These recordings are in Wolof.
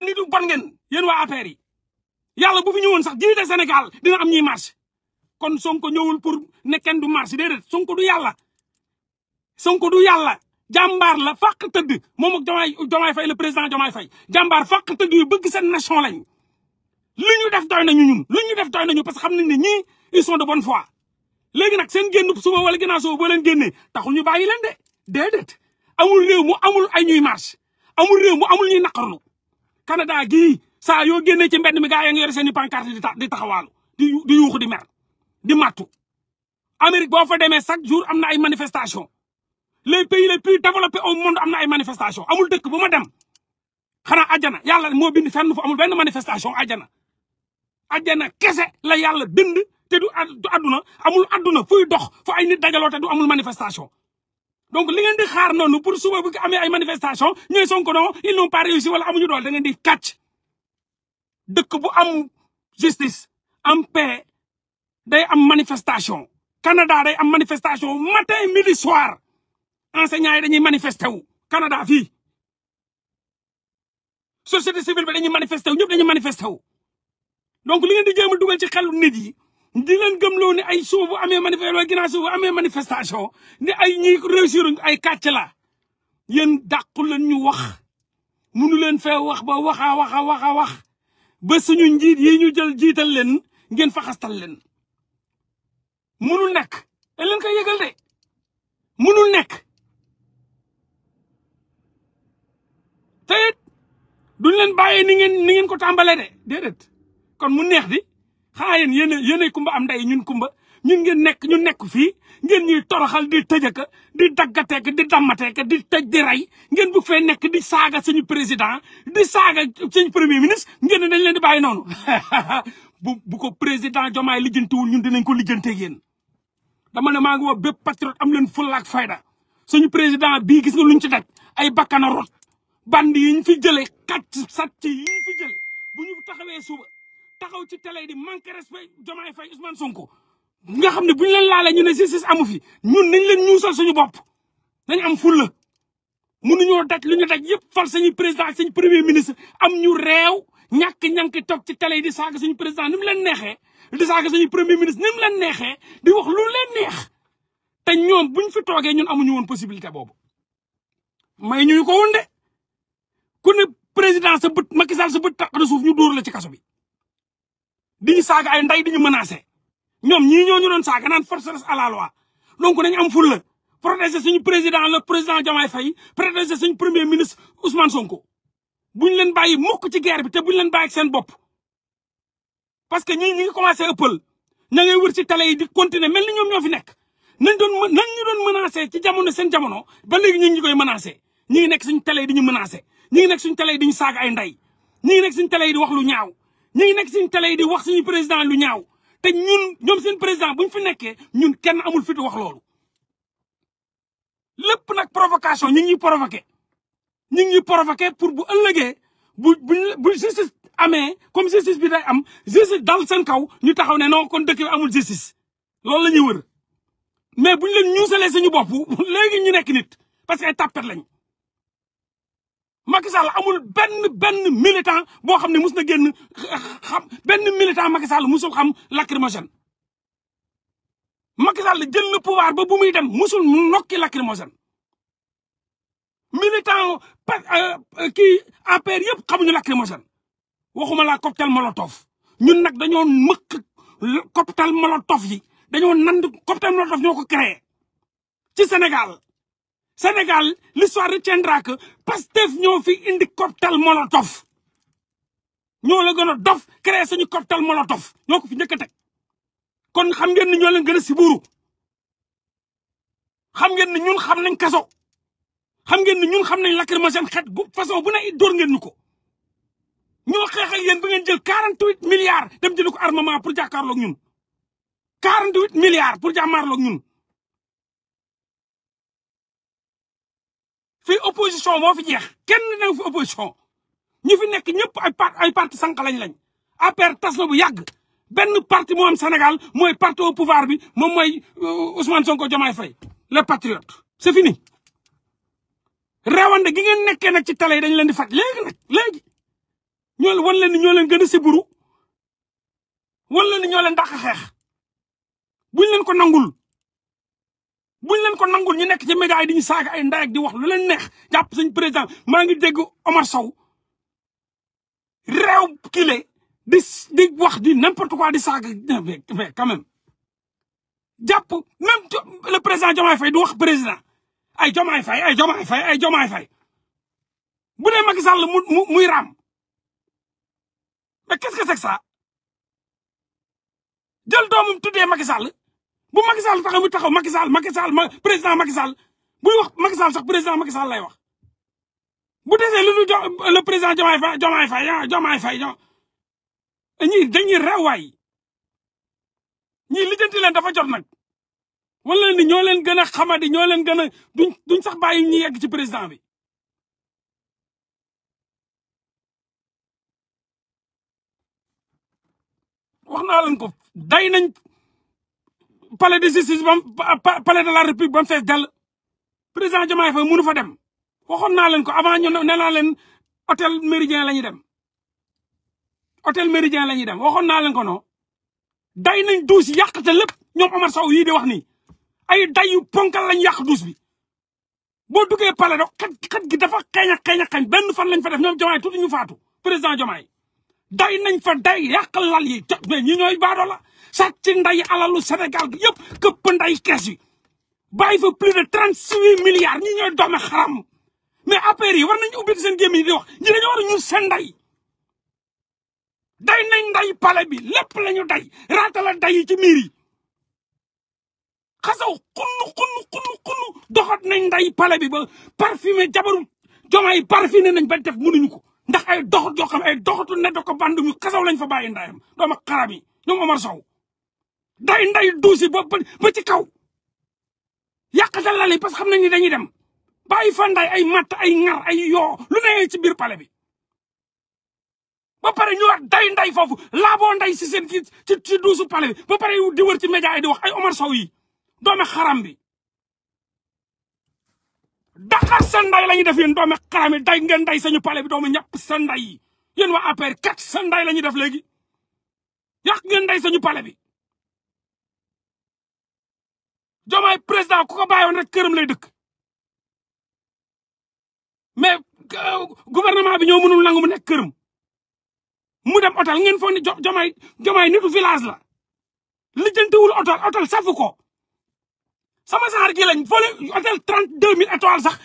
nitu ban ngeen yeen Ya affaire yi yalla bu fi ñewoon sax jiite Sénégal dina am ñi marché kon Sonko ñewul pour ne ken du marché dedet Sonko du yalla Sonko du yalla jambar la fàq teud mom ak jomay jomay Fay le président jomay Fay jambar fàq teud yu bëgg sen nation lañ luñu def doy nañu ñun luñu def doy nañu parce que xam nañ ils sont de bonne foi légui nak sen gennu suba wala ginnaaw suba leen genné taxul ñu bayi leen de dedet amul rew mu amul ay ñuy marché amul rew mu amul ñi nakarlu. Canada gi sa yo génnee ci mbéd mi gaay ya nga yor yore pancarte di di taxawaalu di di yuuxu di mer di matu Amérique bo fa démé chaque jour amna ay manifestation les pays les plus développés au monde amna na ay manifestation amul dëkk buma dem xana aljana yalla mo bind fenn fu amul benn manifestation aljana aljana kese la yalla bind té du aduna amul aduna fuy dox fu ay nit dajalo té du amul manifestation donc li ngeen di xaar noonu pour suba bu amee ay manifestations, Sonko non ils n'ont pas réussi à amuñu dool da Donc di kàcc dëkk bu am justice am paix des manifestations. Canada a des manifestation matin midi soir enseignants ont dañuy manifester Canada vit société civile a dañuy manifester wu dañuy donc li ngeen di jéem a c'est que vous nit yi di leen gëmloo ne ay suba bu amee manifestation wala amee manifestation ne ay ñi réussir ay kàcc yén yéen dàqu ñu wax munu leen fee wax ba waxa waxa waxa wax ba suñu njiit yi ñu jël jiital leen ngeen faxastal leen munul nekk da leen koy yëgal de munul nekk te it leen bàyyee ni ngeen ni ngeen ko tàmbalee de kon mu neex di xaayeen yéen yenee kumba am ndey ñun kumba ñun ngeen nekk ñu nekk fii ngeen ñuy toroxal di tëjaka di daggateeka di dammateeka di tëj di rey ngeen bugg fee nekk di saaga suñu président di saaga suñu premier ministre ngeen ne dañ leen di bàyyi noonu bu bu ko président Diomaye lijjantiwul ñun dinañ ko lijjanteeg yéen dama ne maa ngi woo bépp patriote am leen fulla ak fayda suñu président bii gis nga luñ ci daj ay bakkana rot band yi ñu fi jëlee kat sàcc yi fi jëlee bu ñu taxawee suba taxaw ci télé di manqué respect Diomaye Faye Ousmane Sonko nga xam ne bu ñu leen laalee ñu ne justice amu fi ñun nañ leen ñuusal suñu bopp nañ am fulla mënuñoo daj lu ñu daj yëpp fal suñu président ak suñu premier ministre am ñu réew ñàkk ñànk toog ci télé di saaga suñu président ni mu leen neexee di saaga suñu premier ministre ni mu leen neexee di wax lu leen neex te ñoom buñ fi toogee ñun amuñu woon possibilité boobu may ñuy ko woon de ku ne président sa bët Macky Sall sa bët taq na suuf ñu dóor la ci kaso bi di ñu saaga ay nday di ñu menacé ñoom ñii ñoo ñu doon saaga naan forces à la loi donc nañu am fulla protéger suñu président le président Diomaye Faye protéger suñu premier ministre Ousmane Sonko buñ leen bàyyi mukk ci guerre bi te buñ leen bàyyi ak seen bopp. parce que ñii ñi ngi commencé ëppal ña ngay wër ci télé yi di continuer mel ñoom ñoo fi nekk nañ doon nañ ñu doon menacé ci jamono seen jamono ba léegi ñu ngi koy menacé ñi ngi nekk suñu télé yi di ñu menacé ñi ngi nekk suñu yi di ñu saaga ay nday ñi ngi nekk suñu yi di wax lu ñaaw. ñu ngi nekk suñu yi di wax suñu président lu ñaaw te ñun ñoom seen président buñ fi nekkee ñun kenn amul fit wax loolu lépp nag provocation ñu ngi ñuy provoqué ñu ngi ñuy pour bu ëllëgee bu bu justice amee comme justice bi day am justice dal seen kaw ñu taxaw ne non kon dëkk bi amul justice loolu la ñuy wër mais buñ leen ñuusalee suñu bopp léegi ñu nekk nit parce que ay tàppet lañ Macky Sall amul benn benn militant boo xam ne mus na génn xam benn militant Macky Sall musul xam lacrymogène Macky Sall jël na pouvoir ba bu muy dem musul nokki lacrymogène militant euh, kii APR yëpp xamuñu lacrymogène waxuma laa cocktail molotov ñun nag dañoo mëkk cocktail molotov yi dañoo nand cocktail molotov ñoo ko créé ci Sénégal senegal Sénégal l'histoire retiendra que Pastef ñoo fi indi cocktail molotov ñoo la gën a dof créé suñu cocktail molotov ñoo ko fi njëkk kon xam ngeen ni ñoo leen gën a siburu xam ngeen ni ñun xam nañ kaso xam ngeen ni ñun xam nañ lacrymogène xet gu façon bu ne dóor ngeen ñu ko ñoo xeex ak yéen ba ngeen jël 48 milliards dem jëli ko armement pour jàkkaarloog ñun 48 milliards pour jàmmaarloog ñun fi opposition mo fi jeex kenn ne fi opposition ñu fi nek ñepp ay part ay parti sank lañ lañ APR tas na bu yag ben parti mo am senegal moy parti au pouvoir bi mom moy euh, Ousmane Sonko jomay fay le patriote c'est fini. rewande gi ngeen nekké nak ci télé dañ leen di fat légui nak légui ñol won leen ñol leen gëna ci buru won leen ñol leen dakh xex buñ leen ko nangul. buñ leen ko nangul ñu nekk ci média yi di ñu saaga ay nday di wax lu leen neex jàpp suñ président maa ngi dégg Omar Sow réew kile di di wax di n'importe quoi di saaga mais quand même jàpp même le président Diomaye Faye wax président ay Diomaye Faye ay Diomaye Faye ay Diomaye Faye bu dee Macky Sall mu muy raam mais qu'est-ce que c'est que ça jël doomum tuddee Macky Sall Sall taxaw mu taxaw Macky Sall Macky Sall président Macky Sall buy wax Macky Sall sax président Macky Sall lay wax. bu desee lu dul le président Diomaye Faye Diomaye Faye ah, Diomaye Faye ñii dañuy rew waay ñii lijjanti leen dafa jot nag wala ni ñoo leen gën a xamadi ñoo leen gën a duñ duñ sax bàyyi ñi yegg ci président bi. wax naa leen ko day palais de justice bam palais de la république bam fees dell président Diomaye Faye mënu fa dem waxoon naa leen ko avant ñu ne naa leen hôtel méridien la ñuy dem hôtel méridien la ñuy dem waxoon naa leen ko non day nañ duus ta lépp ñoom Omar Sow yii di wax ni ay day yu ponkal lañu yàq duus bi boo duggee palais do xat xat gi dafa xeeñ a xeeñ a xeeñ benn fan lañ fa def ñoom Diomaye tuuti ñu faatu président Diomaye day nañ fa day yàq lal yi mais ñi ñooy baadoo la sàcc nday alalu Sénégal bi këpp nday kees yi bàyyi fa plus de trente six milliards ñi ñooy doome xaram mais affaire yi war nañu ubbi seen gémmiñ di wax ñi dañoo war a ñuul nday day nañ nday pale bi lépp lañu day raatala day yi ci miir xasaw xunnu xunnu xunnu xunnu doxat nañ nday pale bi ba parfumé jabaru jomaay parfumé nañ ba def mënuñu ko ndax ay doxat joo xam ay doxatu ne da ko bandum yu xasaw lañ fa bàyyi ndayam dooma xarab yi ñoom Omar Sow day nday duusi ba ba ci kaw yàqatal lal yi parce que xam nañ ni dañuy dem bàyyi fanday ay matt ay ŋar ay yoo lu ne ci biir pale bi ba pare ñu wax day nday foofu laaboo nday si seen ci ci duusu pale bi ba pare di wër ci média yi di wax ay Omar Sow yi doome xaram bi Dakar seen nday la def yéen doome xaram yi day ngeen nday sañu pale bi doome ñàpp seen nday yi yéen waa APR kat seen nday la ñuy def léegi yàq ngeen day sañu pale bi Diomaye président ku ko bàyyoon rek këram lay dëkk mais euh, gouvernement bi ñoo mënul nangu mu nekk këram mu dem hôtel ngeen foog ne Diomaye Diomaye nitu la lijjantiwul hôtel hôtel sa ko sama saxaar gi lañ foo leen hôtel trente deux mille étoiles sax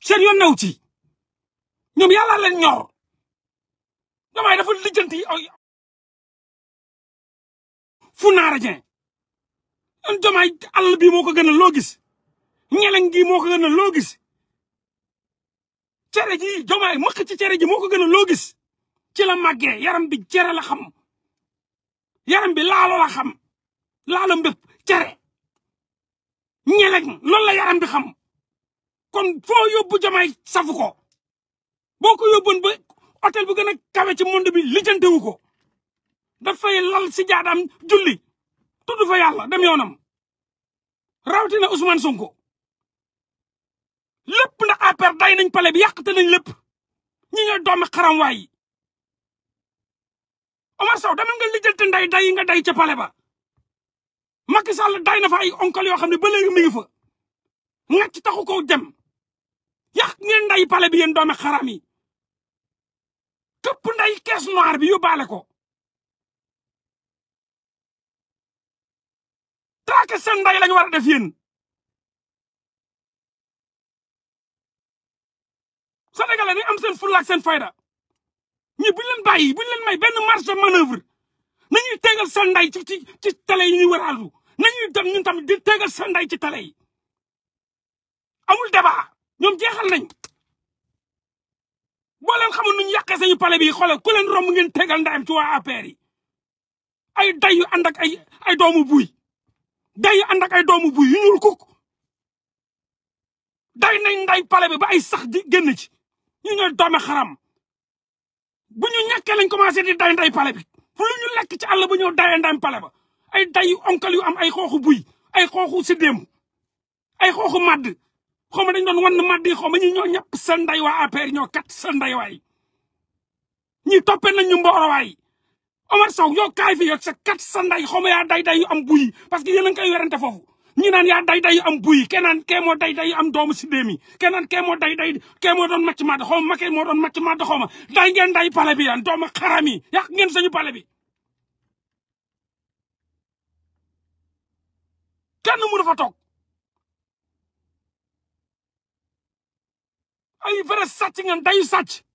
seen yoon new ci ñoom yàlla leen ñor Diomaye dafa lijjanti oh, fu jomaay àll bi moo ko gën a loo gis ñeleng gi moo ko gën a loo gis cere ji jomaay mëq ci cere ji moo ko gën a loo ci la màggee yaram bi cere la xam yaram bi laalo la xam laalo mbépp cere ñeleng loolu la yaram bi xam kon foo yóbbu jomaay safu ko boo ko yóbboon ba hôtel bu gën a kawe ci monde bi lijjantewu ko dafay lal si jaadam julli tudd fa yàlla dem yoonam rawatina Ousmane Sonko lépp ndax APR day nañ pale bi yàqte nañ lépp ñi ñooy doomi xaram waay yi Omar Sow demal nga nday day nga day ca pale ba Macky Sall day na fa ay onkal yoo xam ne ba léegi mi ngi fa ngacc taxu ko dem yàq ngeen nday pale bi yéen doomi xaram yi këpp nday caisse noire bi yóbbaale ko paaka seen ndey la ñu war a def yéen sénégalais ni am seen fulla ak seen fayda ñi buñ leen bàyyi buñ leen may benn marge de manœuvre nañuy tegal seen ci ci ci télé yi ñuy wëraalu nañuy dem tamit di tegal seen ndey ci télé yi amul débat ñoom jeexal nañ boo leen xamul nu ñu yàqee sañu pale bi xoolal ku romb ngeen tegal ndeyam ci waa APR ay day yu ay ay doomu buy day ànd ak ay doomu buy yu ñuul kuk day nañ nday pale bi ba ay sax di génn ci ñu ñooy doome xaram bu ñu ñàkkee lañ commencé di day nday pale bi fu lu ñu lekk ci àll ba ñëw daye nday pale ba ay day yu onkal yu am ay xooxu buy ay xooxu siddéem ay xooxu màdd xaw ma dañ doon wan màdd yi xaw ma ñi ñoo ñàpp seen nday waa APR ñoo kat seen nday waay ñi toppee nañ ñu mboorowaay Omar Sow yow kaay fi yow sa kat sa nday xaw yaa day day yu am buy parce que yéen a ngi koy werante foofu ñi naan yaa day day yu buy kenn naan kee moo day day yu am doomu si déemi kenn naan kee moo day day kee moo doon màcc maa da xaw ma kee moo day ngeen bi yan doomu xaram yi yàq ngeen sañu pale bi kenn mënu fa toog ay vrai sàcc ngeen dayu sàcc